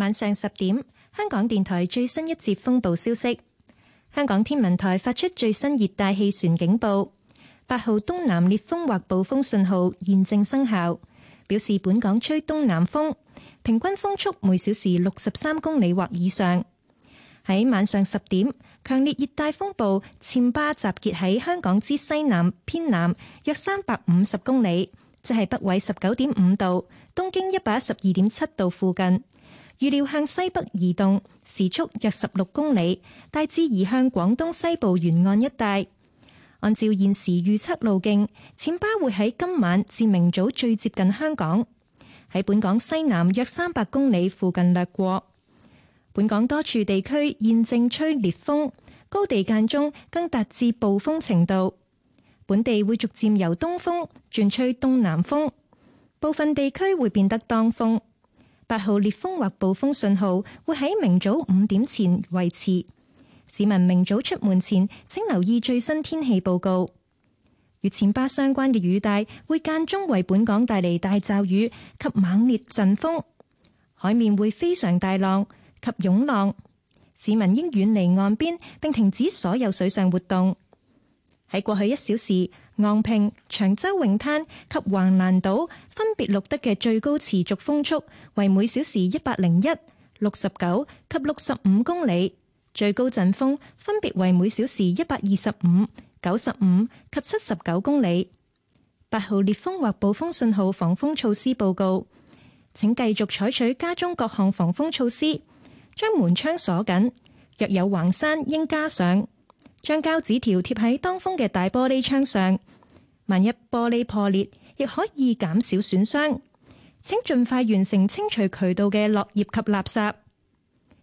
晚上十點，香港電台最新一節風暴消息。香港天文台發出最新熱帶氣旋警報，八號東南烈風或暴風信號現正生效，表示本港吹東南風，平均風速每小時六十三公里或以上。喺晚上十點，強烈熱帶風暴暹巴集結喺香港之西南偏南約三百五十公里，即係北緯十九點五度，東經一百一十二點七度附近。預料向西北移動，時速約十六公里，大致移向廣東西部沿岸一帶。按照現時預測路徑，暹芭會喺今晚至明早最接近香港，喺本港西南約三百公里附近掠過。本港多處地區現正吹烈風，高地間中更達至暴風程度。本地會逐漸由東風轉吹東南風，部分地區會變得當風。八號烈風或暴風信號會喺明早五點前維持。市民明早出門前，請留意最新天氣報告。與前巴相關嘅雨帶會間中為本港帶嚟大驟雨及猛烈陣風，海面會非常大浪及湧浪。市民應遠離岸邊，並停止所有水上活動。喺過去一小時，昂坪、長洲泳灘及橫瀾島分別錄得嘅最高持續風速為每小時一百零一、六十九及六十五公里，最高陣風分別為每小時一百二十五、九十五及七十九公里。八號烈風或暴風信號防風措施報告，請繼續採取家中各項防風措施，將門窗鎖緊，若有橫閂應加上，將膠紙條貼喺當風嘅大玻璃窗上，萬一玻璃破裂，亦可以減少損傷。請盡快完成清除渠道嘅落葉及垃圾。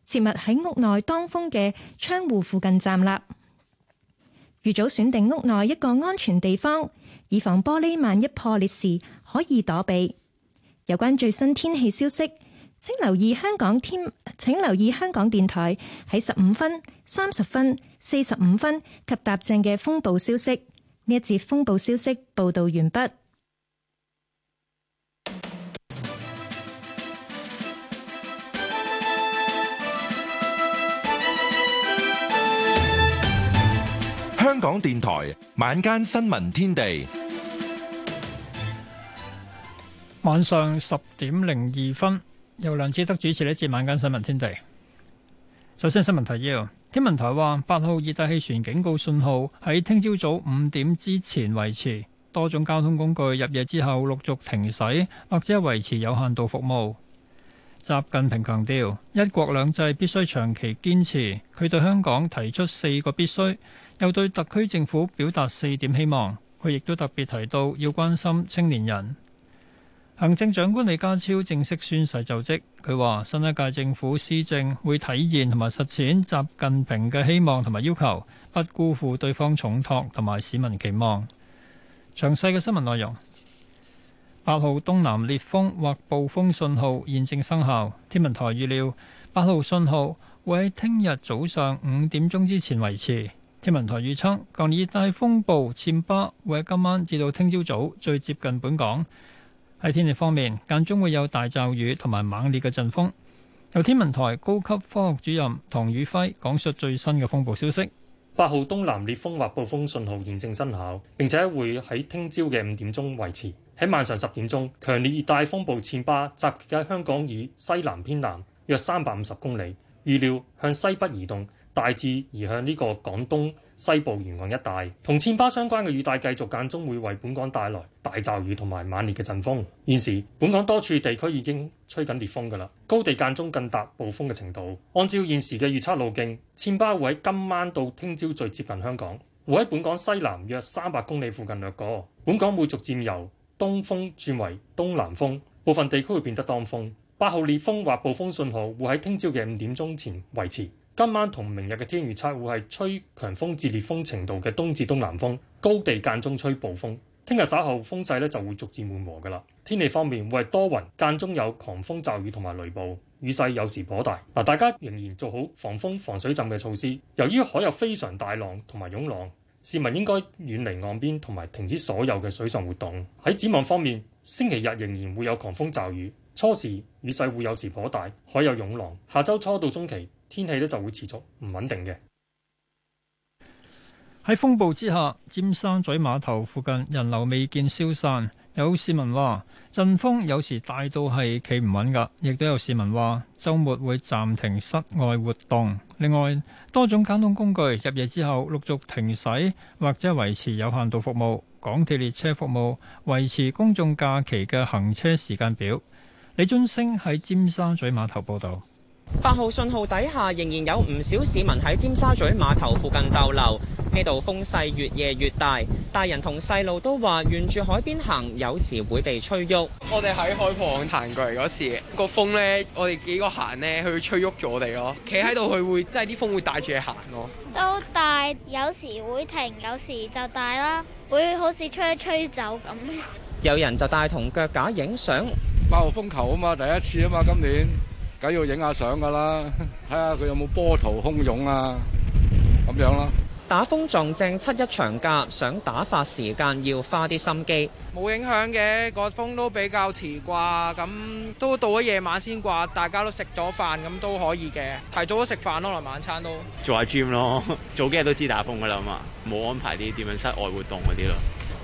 切勿喺屋內當風嘅窗戶附近站立，預早選定屋內一個安全地方，以防玻璃萬一破裂時可以躲避。有關最新天氣消息，請留意香港天，請留意香港電台喺十五分、三十分、四十五分及踏正嘅風暴消息。呢一節風暴消息報導完畢。香港電台晚間新聞天地，晚上十點零二分，由梁志德主持呢一節晚間新聞天地。首先，新聞提要：天文台話八號熱帶氣旋警告信號喺聽朝早五點之前維持，多種交通工具入夜之後陸續停駛，或者維持有限度服務。習近平強調一國兩制必須長期堅持，佢對香港提出四個必須，又對特區政府表達四點希望。佢亦都特別提到要關心青年人。行政長官李家超正式宣誓就職，佢話新一屆政府施政會體現同埋實踐習近平嘅希望同埋要求，不辜負對方重託同埋市民期望。詳細嘅新聞內容。八號東南烈風或暴風信號現正生效。天文台預料八號信號會喺聽日早上五點鐘之前維持。天文台預測強熱帶風暴暹芭會喺今晚至到聽朝早最接近本港。喺天氣方面，間中會有大驟雨同埋猛烈嘅陣風。由天文台高級科學主任唐宇輝講述最新嘅風暴消息。八號東南烈風或暴風信號現正生效，並且會喺聽朝嘅五點鐘維持。喺晚上十點鐘，強烈熱帶風暴暹芭集結喺香港以西南偏南約三百五十公里，預料向西北移動，大致移向呢個廣東西部沿岸一帶。同暹芭相關嘅雨帶繼續間中會為本港帶來大驟雨同埋猛烈嘅陣風。現時本港多處地區已經吹緊烈風㗎啦，高地間中更達暴風嘅程度。按照現時嘅預測路徑，暹芭會喺今晚到聽朝最接近香港，會喺本港西南約三百公里附近掠過，本港會逐漸由東風轉為東南風，部分地區會變得當風。八號烈風或暴風信號會喺聽朝嘅五點鐘前維持。今晚同明日嘅天氣預測會係吹強風至烈風程度嘅東至東南風，高地間中吹暴風。聽日稍後風勢咧就會逐漸緩和㗎喇。天氣方面會係多雲，間中有狂風驟雨同埋雷暴，雨勢有時頗大。嗱，大家仍然做好防風防水浸嘅措施。由於海有非常大浪同埋湧浪。市民應該遠離岸邊同埋停止所有嘅水上活動。喺展望方面，星期日仍然會有狂風驟雨，初時雨勢會有時頗大，海有湧浪。下周初到中期，天氣呢就會持續唔穩定嘅。喺風暴之下，尖沙咀碼頭附近人流未見消散。有市民話：陣風有時大到係企唔穩㗎，亦都有市民話周末會暫停室外活動。另外，多種交通工具入夜之後陸續停駛或者維持有限度服務。港鐵列車服務維持公眾假期嘅行車時間表。李津升喺尖沙咀碼頭報導。八號信號底下仍然有唔少市民喺尖沙咀碼頭附近逗留。呢度風勢越夜越大，大人同細路都話沿住海邊行，有時會被吹喐。我哋喺海旁行過嚟嗰時，個風咧，我哋幾個行咧，去吹喐咗我哋咯。企喺度，佢會即係啲風會帶住你行咯。都大，有時會停，有時就大啦。會好似吹一吹走咁。 有人就帶同腳架影相，八號風球啊嘛，第一次啊嘛，今年梗要影下相噶啦，睇下佢有冇波濤洶湧啊，咁樣咯。打風撞正七一長假，想打發時間要花啲心機。冇影響嘅，個風都比較遲啩，咁都到咗夜晚先掛，大家都食咗飯，咁都可以嘅。提早咗食飯咯，來晚餐都做下 gym 咯。早幾日都知打風噶啦嘛，冇安排啲點樣室外活動嗰啲咯。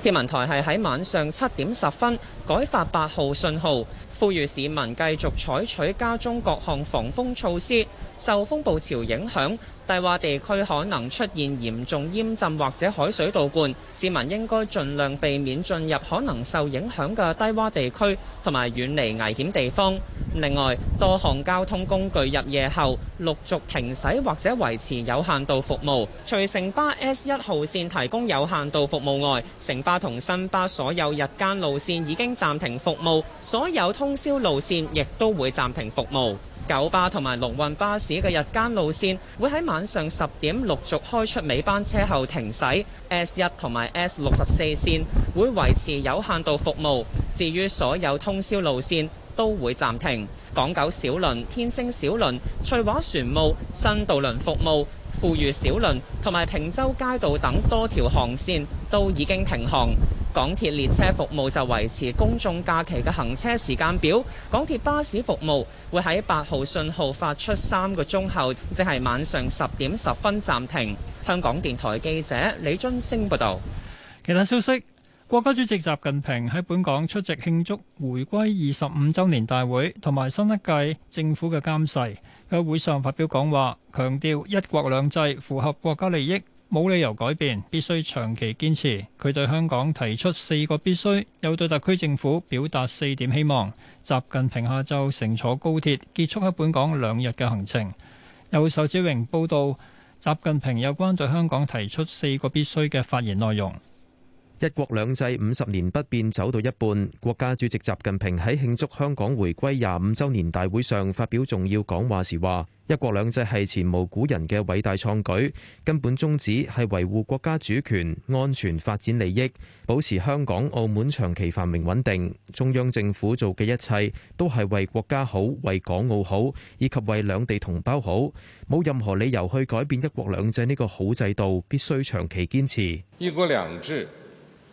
天文台係喺晚上七點十分改發八號信號。呼籲市民繼續採取家中各項防風措施。受風暴潮影響，低窪地區可能出現嚴重淹浸或者海水倒灌，市民應該盡量避免進入可能受影響嘅低窪地區，同埋遠離危險地方。另外，多項交通工具入夜後陸續停駛或者維持有限度服務。除城巴 S 一號線提供有限度服務外，城巴同新巴所有日間路線已經暫停服務，所有通宵路線亦都會暫停服務。九巴同埋龍運巴士嘅日間路線會喺晚上十點陸續開出尾班車後停駛。S 一同埋 S 六十四線會維持有限度服務。至於所有通宵路線，都會暫停。港九小輪、天星小輪、翠華船務、新渡輪服務、富裕小輪同埋坪洲街道等多條航線都已經停航。港鐵列車服務就維持公眾假期嘅行車時間表。港鐵巴士服務會喺八號信號發出三個鐘後，即係晚上十點十分暫停。香港電台記者李津升報道。其他消息。國家主席習近平喺本港出席慶祝回歸二十五週年大會同埋新一屆政府嘅監誓。喺會上發表講話，強調一國兩制符合國家利益，冇理由改變，必須長期堅持。佢對香港提出四個必須，又對特區政府表達四點希望。習近平下晝乘坐高鐵，結束喺本港兩日嘅行程。有仇志榮報導。習近平有關對香港提出四個必須嘅發言內容。一國兩制五十年不變走到一半，國家主席習近平喺慶祝香港回歸廿五周年大會上發表重要講話時話：一國兩制係前無古人嘅偉大創舉，根本宗旨係維護國家主權、安全、發展利益，保持香港、澳門長期繁榮穩定。中央政府做嘅一切都係為國家好、為港澳好，以及為兩地同胞好，冇任何理由去改變一國兩制呢個好制度，必須長期堅持一國兩制。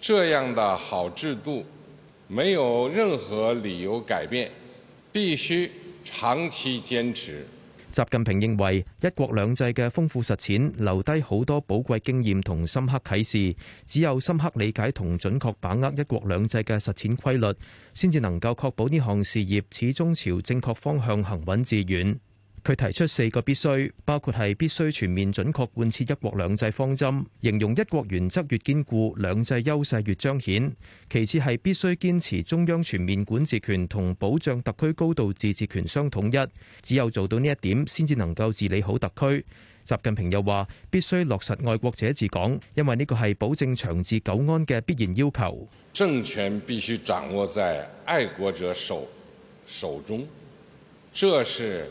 這樣的好制度，沒有任何理由改變，必須長期堅持。習近平認為，一國兩制嘅豐富實踐留低好多寶貴經驗同深刻啟示，只有深刻理解同準確把握一國兩制嘅實踐規律，先至能夠確保呢項事業始終朝正確方向行穩致遠。佢提出四個必須，包括係必須全面準確貫徹一國兩制方針，形容一國原則越堅固，兩制優勢越彰顯，其次係必須堅持中央全面管治權同保障特區高度自治權相統一，只有做到呢一點先至能夠治理好特區。習近平又話：必須落實愛國者治港，因為，呢個係保證長治久安嘅必然要求。政權必須掌握在愛國者手手中，這是，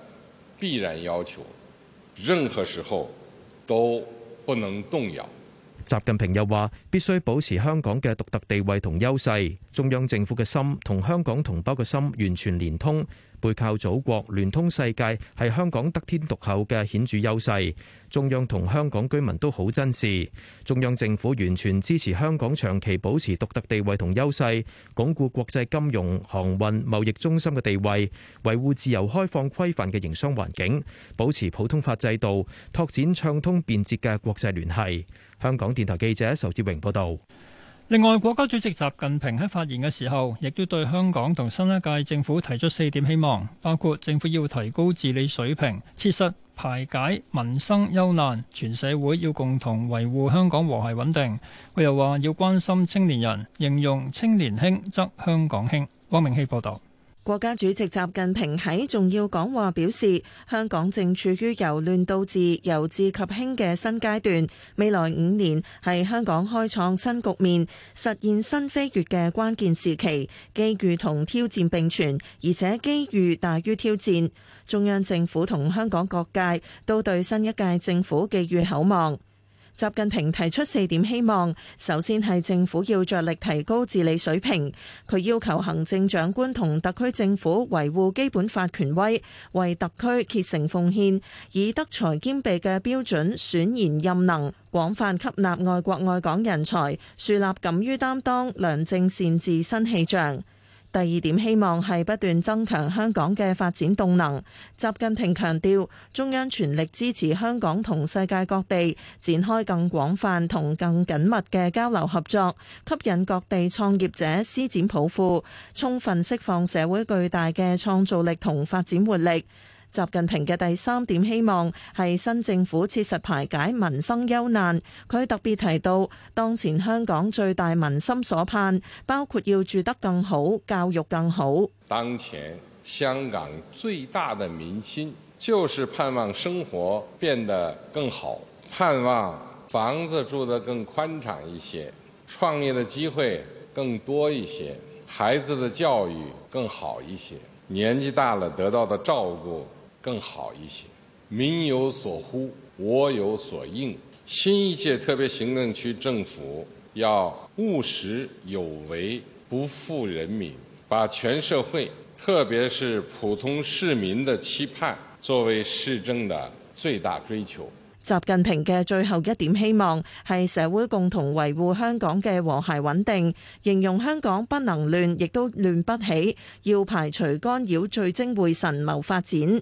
必然要求，任何時候都不能動搖。習近平又話：必須保持香港嘅獨特地位同優勢，中央政府嘅心同香港同胞嘅心完全連通。背靠祖國，聯通世界係香港得天獨厚嘅顯著優勢，中央同香港居民都好珍視，中央政府完全支持香港長期保持獨特地位同優勢，鞏固國際金融、航運、貿易中心嘅地位，維護自由開放、規範嘅營商環境，保持普通法制度，拓展暢通便捷嘅國際聯繫，香港電台記者仇志榮報道。另外，國家主席習近平喺發言嘅時候，亦都對香港同新一屆政府提出四點希望，包括政府要提高治理水平，切實排解民生憂難，全社會要共同維護香港和諧穩定。佢又話要關心青年人，形容青年興則香港興。汪明希報導。國家主席習近平喺重要講話表示，香港正處於由亂到治、由治及興嘅新階段，未來五年係香港開創新局面、實現新飛躍嘅關鍵時期，機遇同挑戰並存，而且機遇大於挑戰。中央政府同香港各界都對新一屆政府寄予厚望。習近平提出四點希望，首先係政府要着力提高治理水平。佢要求行政長官同特區政府維護基本法權威，為特區竭誠奉獻，以德才兼備嘅標準選賢任能，廣泛吸納愛國愛港人才，樹立敢於擔當、良政善治新氣象。第二點希望係不斷增強香港嘅發展動能。習近平強調，中央全力支持香港同世界各地展開更廣泛同更緊密嘅交流合作，吸引各地創業者施展抱負，充分釋放社會巨大嘅創造力同發展活力。習近平嘅第三點希望，係新政府切實排解民生憂難。佢特別提到，當前香港最大民心所盼，包括要住得更好、教育更好。當前香港最大的民心就是盼望生活變得更好，盼望房子住得更寬敞一些，創業嘅機會更多一些，孩子的教育更好一些，年紀大了得到的照顧。更好一些，民有所呼，我有所應。新一屆特別行政區政府要務實有為，不負人民，把全社會，特別是普通市民的期盼，作為施政的最大追求。習近平嘅最後一點希望，係社會共同維護香港嘅和諧穩定，形容香港不能亂，亦都亂不起，要排除干擾，聚精會神謀發展。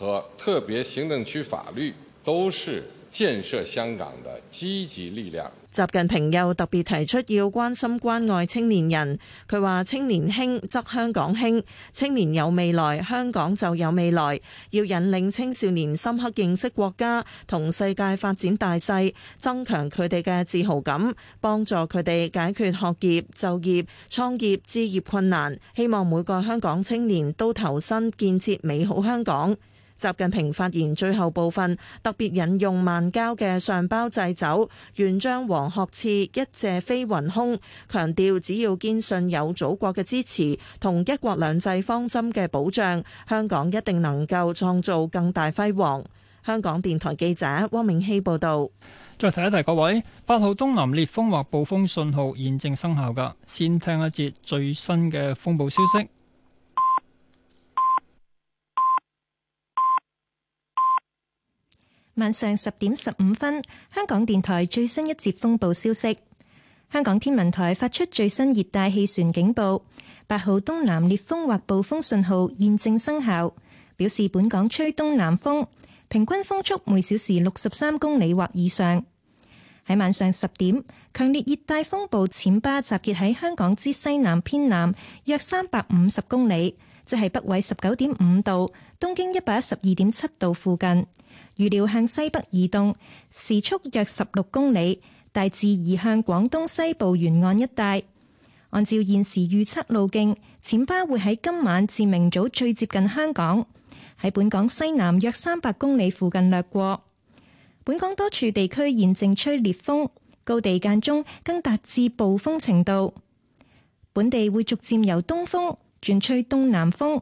和特別行政區法律都是建設香港的積極力量。習近平又特別提出要關心關愛青年人，佢話：青年興則香港興，青年有未來，香港就有未來。要引領青少年深刻認識國家同世界發展大勢，增強佢哋嘅自豪感，幫助佢哋解決學業、就業、創業、置業困難。希望每個香港青年都投身建設美好香港。習近平發言最後部分，特別引用孟郊嘅《上包祭酒》，願將黃鶴翅一借飛雲空，強調只要堅信有祖國嘅支持，同一國兩制方針嘅保障，香港一定能夠創造更大輝煌。香港電台記者汪明希報道。再提一提各位，八號東南烈風或暴風信號現正生效噶，先聽一節最新嘅風暴消息。晚上十點十五分，香港電台最新一節風暴消息。香港天文台發出最新熱帶氣旋警報，八號東南烈風或暴風信號現正生效，表示本港吹東南風，平均風速每小時六十三公里或以上。喺晚上十點，強烈熱帶風暴淺巴集結喺香港之西南偏南約三百五十公里，即係北緯十九點五度、東經一百一十二點七度附近。預料向西北移動，時速約十六公里，大致移向廣東西部沿岸一帶。按照現時預測路徑，暹芭會喺今晚至明早最接近香港，喺本港西南約三百公里附近掠過。本港多處地區現正吹烈風，高地間中更達至暴風程度。本地會逐漸由東風轉吹東南風，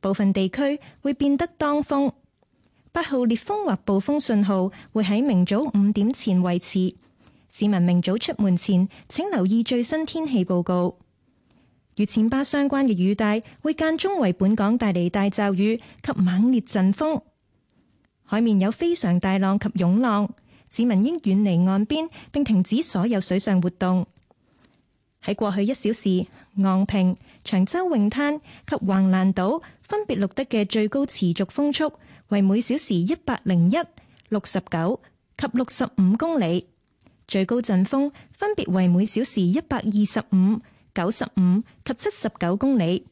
部分地區會變得當風。八號烈風或暴風信號會喺明早五點前維持。市民明早出門前，請留意最新天氣報告。與前巴相關嘅雨帶會間中為本港帶嚟大驟雨及猛烈陣風，海面有非常大浪及湧浪。市民應遠離岸邊，並停止所有水上活動。喺過去一小時，昂坪、長洲泳灘及橫瀾島分別錄得嘅最高持續風速，為每小時一百零一、六十九及六十五公里，最高陣風分別為每小時一百二十五、九十五及七十九公里。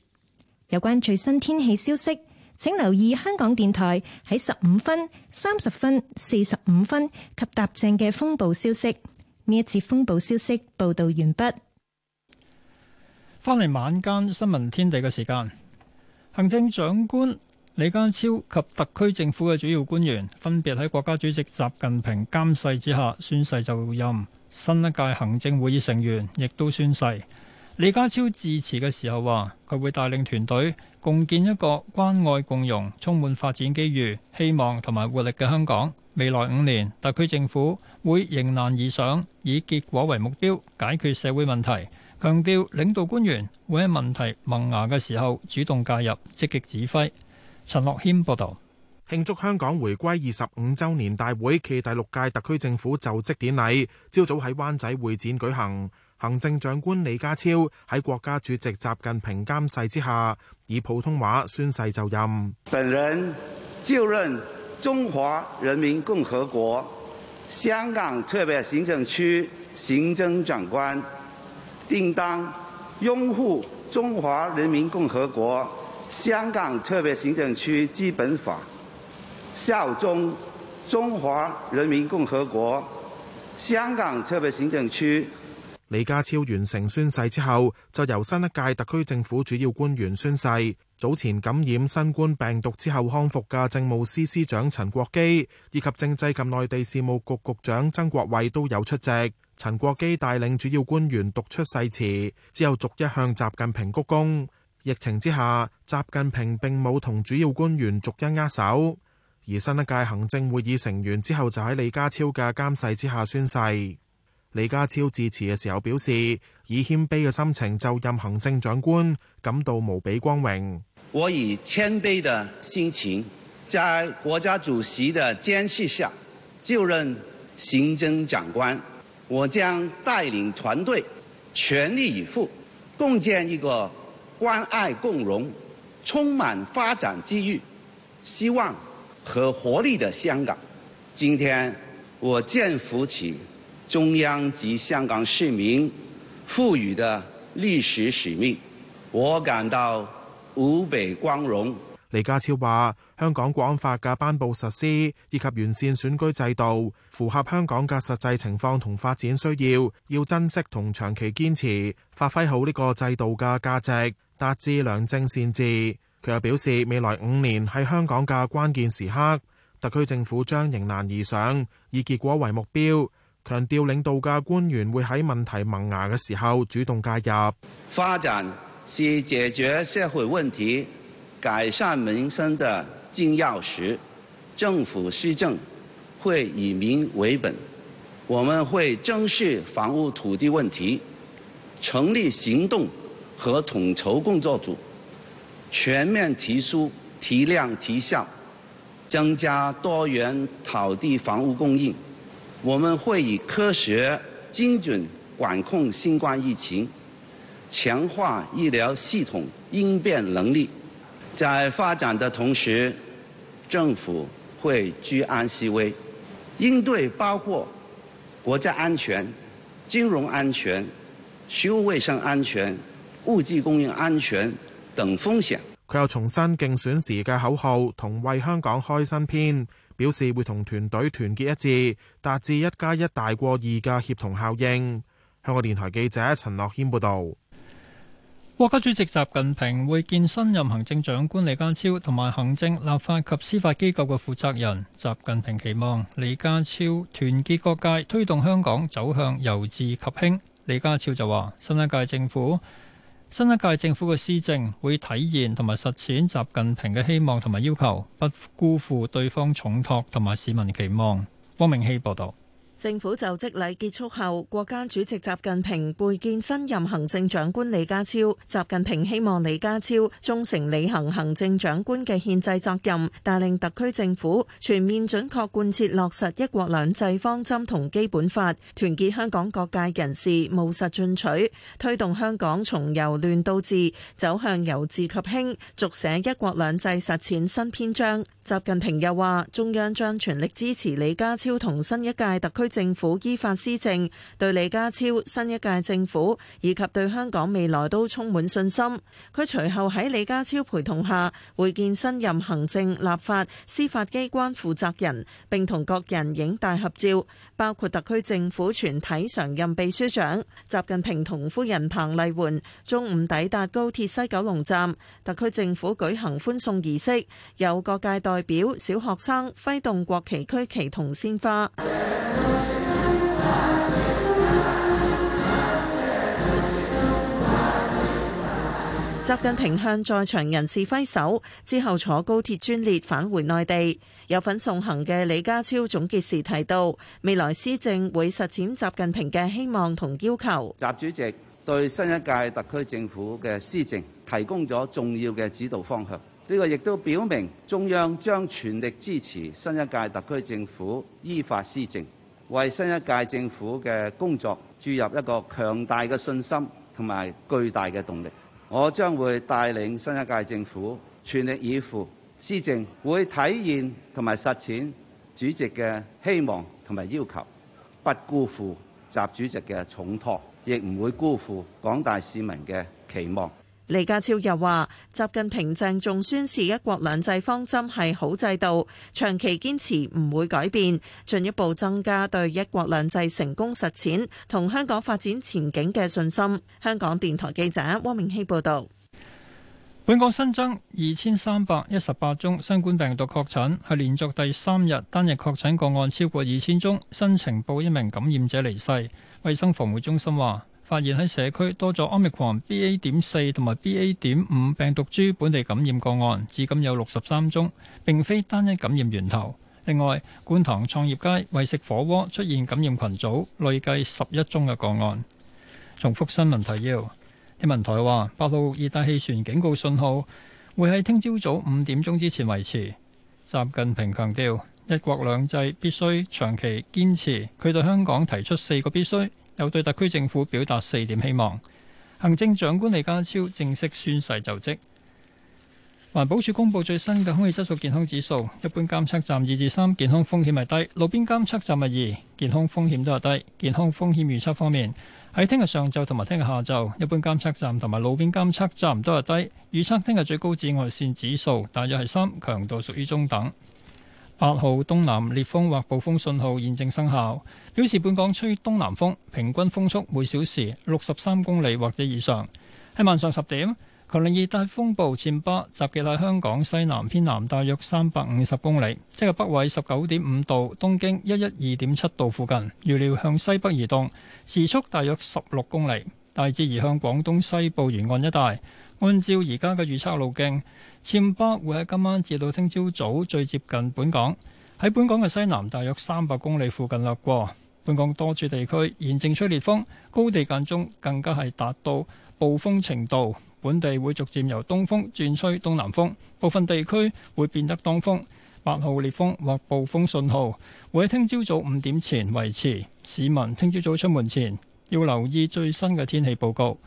有關最新天氣消息，請留意香港電台喺十五分、三十分、四十五分及踏正嘅風暴消息。呢一節風暴消息報道完畢。翻嚟晚間新聞天地嘅時間，行政長官。李家超及特區政府嘅主要官員分別喺國家主席習近平監誓之下宣誓就任新一屆行政會議成員，亦都宣誓。李家超致辭嘅時候話，佢會帶領團隊共建一個關愛、共融、充滿發展機遇、希望同埋活力嘅香港。未來五年，特區政府會迎難而上，以結果為目標，解決社會問題。強調領導官員會喺問題萌芽嘅時候主動介入，積極指揮。陳樂謙報道。慶祝香港回歸二十五週年大會暨第六屆特區政府就職典禮，朝早喺灣仔會展舉行。行政長官李家超喺國家主席習近平監誓之下，以普通話宣誓就任。本人就任中華人民共和國香港特別行政區行政長官，定當擁護中華人民共和國香港特別行政區基本法，效忠中華人民共和國，香港特別行政區。李家超完成宣誓之後，就由新一屆特區政府主要官員宣誓。早前感染新冠病毒之後康復嘅政務司司長陳國基，以及政制及內地事務局局長曾國衛都有出席。陳國基帶領主要官員讀出誓詞，之後逐一向習近平鞠躬。疫情之下，習近平並冇同主要官員逐一握手，而新一屆行政會議成員之後就喺李家超嘅監誓之下宣誓。李家超致辭嘅時候表示，以謙卑嘅心情就任行政長官，感到無比光榮。我以謙卑的心情，在國家主席的監誓下就任行政長官，我將帶領團隊全力以赴，共建一個。關愛共融，充滿發展機遇、希望和活力的香港，今天我肩負起中央及香港市民賦予的歷史使命，我感到無比光榮。李家超話：香港《國安法》嘅頒布實施以及完善選舉制度，符合香港嘅實際情況同發展需要，要珍惜同長期堅持，發揮好呢個制度嘅價值。達至良政善治，佢又表示未來五年係香港嘅關鍵時刻，特區政府將迎難而上，以結果為目標，強調領導嘅官員會喺問題萌芽嘅時候主動介入。發展是解決社會問題、改善民生的金鑰匙，政府施政會以民為本，我們會正視房屋土地問題，成立行動和統籌工作組，全面提速、提量、提效，增加多元土地房屋供應。我們會以科學、精準管控新冠疫情，強化醫療系統應變能力。在發展的同時，政府會居安思危，應對包括國家安全、金融安全、食物衛生安全、物資供應安全等風險。佢又重申競選時嘅口號，同為香港開新篇，表示會同團隊團結一致，達至一加一大過二嘅協同效應。香港電台記者陳樂軒報導。國家主席習近平會見新任行政長官李家超同埋行政、立法及司法機構嘅負責人。習近平期望李家超團結各界，推動香港走向由治及興。李家超就話：新一屆政府新一屆政府嘅施政會體現同埋實踐習近平嘅希望同埋要求，不辜負對方重託同埋市民期望。汪明希報導。政府就職禮結束後，國家主席習近平會見新任行政長官李家超。習近平希望李家超忠誠履行行政長官嘅憲制責任，帶領特區政府全面準確貫徹落實一國兩制方針同基本法，團結香港各界人士務實進取，推動香港從由亂到治走向由治及興，續寫一國兩制實踐新篇章。習近平又話，中央將全力支持李家超同新一屆特區。政府依法施政，對李家超新一屆政府以及對香港未來都充滿信心。佢隨後喺李家超陪同下會見新任行政、立法、司法機關負責人，並同各人影大合照，包括特區政府全體常任秘書長習近平同夫人彭麗媛。中午抵達高鐵西九龍站，特區政府舉行歡送儀式，有各界代表、小學生揮動國旗、區旗同鮮花。習近平向在場人士揮手之後，坐高鐵專列返回內地。有份送行嘅李家超總結時提到，未來施政會實踐習近平嘅希望同要求。習主席對新一屆特區政府嘅施政提供咗重要嘅指導方向，呢個亦都表明中央將全力支持新一屆特區政府依法施政。為新一屆政府嘅工作注入一個強大嘅信心同埋巨大嘅動力，我將會帶領新一屆政府全力以赴施政，會體現同埋實踐習主席嘅希望同埋要求，不辜負習主席嘅重託，亦唔會辜負廣大市民嘅期望。李家超又話：習近平鄭重宣示一國兩制方針係好制度，長期堅持唔會改變，進一步增加對一國兩制成功實踐同香港發展前景嘅信心。香港電台記者汪明熙報導。本港新增二千三百一十八宗新冠病毒確診，係連續第三日單日確診個案超過二千宗。新呈報一名感染者離世。衛生防護中心話，發現喺社區多咗 Omicron BA 點四同埋 BA 點五病毒株本地感染個案，至今有六十三宗，並非單一感染源頭。另外，觀塘創業街為食火鍋出現感染群組，累計十一宗嘅個案。重複新聞提要，天文台話八號熱帶氣旋警告信號會喺聽朝早五點鐘之前維持。習近平強調，一國兩制必須長期堅持，佢對香港提出四個必須。又對特區政府表達四點希望。行政長官李家超正式宣誓就職。環保署公布最新嘅空氣質素健康指數，一般監測站二至三，健康風險係低；路邊監測站係二，健康風險都係低。健康風險預測方面，喺聽日上晝同埋聽日下晝，一般監測站同埋路邊監測站都係低。預測聽日最高紫外線指數大約係三，強度屬於中等。八號東南烈風或暴風信號現正生效，表示本港吹東南風，平均風速每小時六十三公里或者以上。喺晚上十點，強烈熱帶風暴綿巴集結喺香港西南偏南大約三百五十公里，即係北緯十九點五度、東經一一二點七度附近，預料向西北移動，時速大約十六公里，大致移向廣東西部沿岸一帶。按照而家嘅預測路徑，暹芭會喺今晚至到聽朝早,早最接近本港，喺本港嘅西南大約三百公里附近掠過。本港多處地區現正吹烈風，高地間中更加係達到暴風程度。本地會逐漸由東風轉吹東南風，部分地區會變得當風。八號烈風或暴風信號會喺聽朝早五點前維持。市民聽朝早,早出門前要留意最新嘅天氣報告。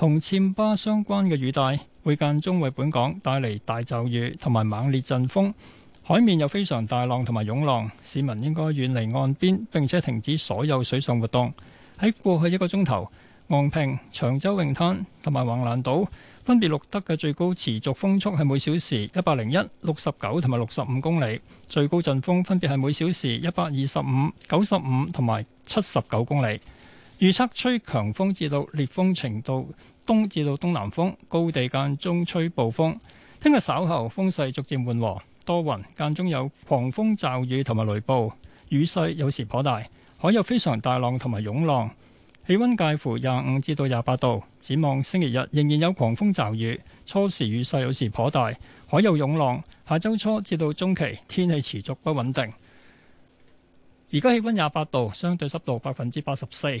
同暹巴相關嘅雨帶會間中為本港帶嚟大驟雨同埋猛烈陣風，海面又非常大浪同埋湧浪，市民應該遠離岸邊並且停止所有水上活動。喺過去一個鐘頭，昂坪、長洲泳灘同埋橫瀾島分別錄得嘅最高持續風速係每小時一百零一、六十九同埋六十五公里，最高陣風分別係每小時一百二十五、九十五同埋七十九公里。預測吹強風至到烈風程度。東至到東南風，高地間中吹暴風。聽日稍後風勢逐漸緩和，多雲，間中有狂風驟雨同埋雷暴，雨勢有時頗大，海有非常大浪同埋湧浪。氣溫介乎廿五至到廿八度。展望星期日仍然有狂風驟雨，初時雨勢有時頗大，海有湧浪。下周初至到中期，天氣持續不穩定。而家氣溫廿八度，相對濕度百分之八十四。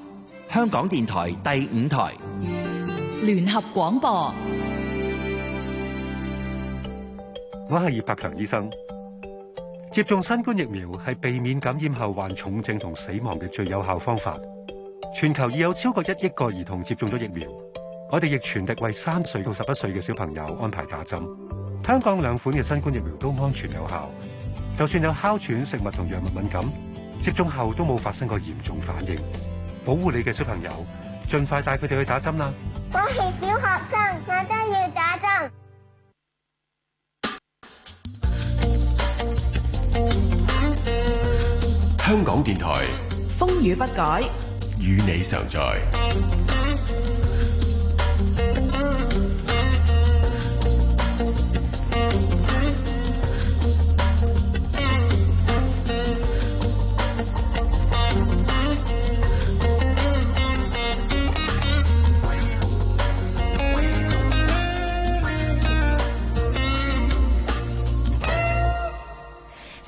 香港電台第五台聯合廣播，我係葉柏強醫生。接種新冠疫苗係避免感染後患重症同死亡嘅最有效方法。全球已有超過一億個兒童接種咗疫苗，我哋亦全力為三歲到十一歲嘅小朋友安排打針。香港兩款嘅新冠疫苗都安全有效，就算有哮喘、食物同藥物敏感，接種後都冇發生過嚴重反應。保護你嘅小朋友，盡快帶佢哋去打針啦！我係小學生，我都要打針。香港電台，風雨不改，與你常在。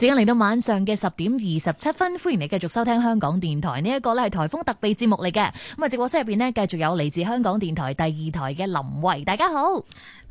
已經嚟到晚上嘅十點二十七分，歡迎你繼續收聽香港電台呢一個咧係颱風特備節目嚟嘅。咁啊，直播室入邊咧繼續有嚟自香港電台第二台嘅林慧，大家好。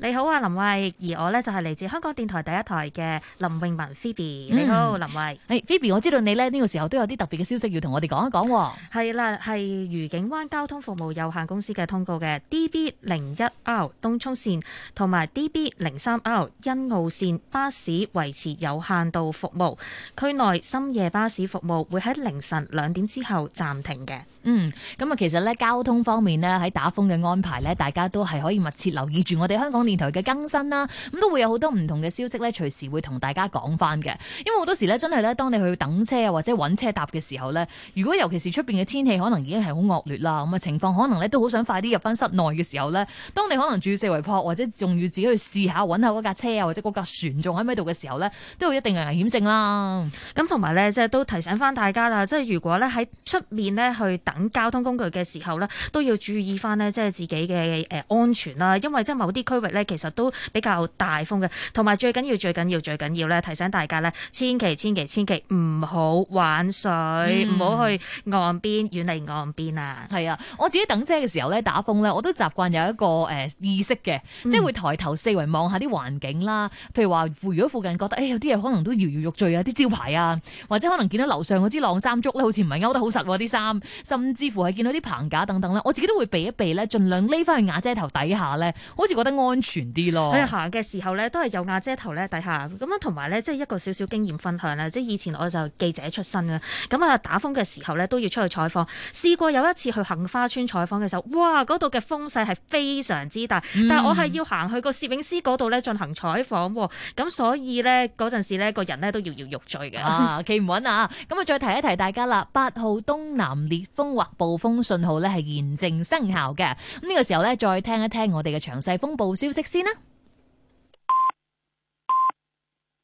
你好啊，林慧，而我咧就係、是、嚟自香港電台第一台嘅林泳文，Phoebe。你好，嗯、林慧。誒、哎、Phoebe，我知道你咧呢、這個時候都有啲特別嘅消息要同我哋講一講。係啦，係愉景灣交通服務有限公司嘅通告嘅，DB 零一 L 東涌綫同埋 DB 零三 L 欣澳綫巴士維持有限度服務，區內深夜巴士服務會喺凌晨兩點之後暫停嘅。嗯，咁啊，其實咧交通方面咧喺打風嘅安排咧，大家都係可以密切留意住我哋香港電台嘅更新啦。咁都會有好多唔同嘅消息咧，隨時會同大家講翻嘅。因為好多時咧，真係咧，當你去等車啊，或者揾車搭嘅時候咧，如果尤其是出邊嘅天氣可能已經係好惡劣啦，咁啊情況可能咧都好想快啲入翻室內嘅時候咧，當你可能住四圍泊或者仲要自己去試下揾下嗰架車啊或者嗰架船仲喺咩度嘅時候咧，都有一定嘅危險性啦。咁同埋咧，即係都提醒翻大家啦，即係如果咧喺出面咧去等交通工具嘅時候呢，都要注意翻呢，即係自己嘅誒安全啦。因為即係某啲區域呢，其實都比較大風嘅。同埋最緊要、最緊要、最緊要呢，提醒大家呢：千祈千祈千祈唔好玩水，唔好、嗯、去岸邊遠離岸邊啊！係啊，我自己等車嘅時候呢，打風呢，我都習慣有一個誒意識嘅，即係會抬頭四圍望下啲環境啦。譬如話，如果附近覺得，誒有啲嘢可能都搖搖欲墜啊，啲招牌啊，或者可能見到樓上嗰支晾衫竹咧，好似唔係勾得好實喎，啲衫，甚至乎係見到啲棚架等等咧，我自己都會避一避咧，盡量匿返去瓦遮頭底下咧，好似覺得安全啲咯。喺行嘅時候咧，都係有瓦遮頭咧底下，咁樣同埋咧，即係一個少少經驗分享啦。即係以前我就記者出身嘅，咁啊打風嘅時候咧，都要出去採訪。試過有一次去杏花村採訪嘅時候，哇！嗰度嘅風勢係非常之大，嗯、但係我係要行去個攝影師嗰度咧進行採訪喎。咁所以咧，嗰陣時咧，個人咧都搖搖欲墜嘅，企 唔、啊、穩啊！咁啊再提一提大家啦，八號東南烈風。或暴風信號咧，係現正生效嘅。咁、這、呢個時候咧，再聽一聽我哋嘅詳細風暴消息先啦。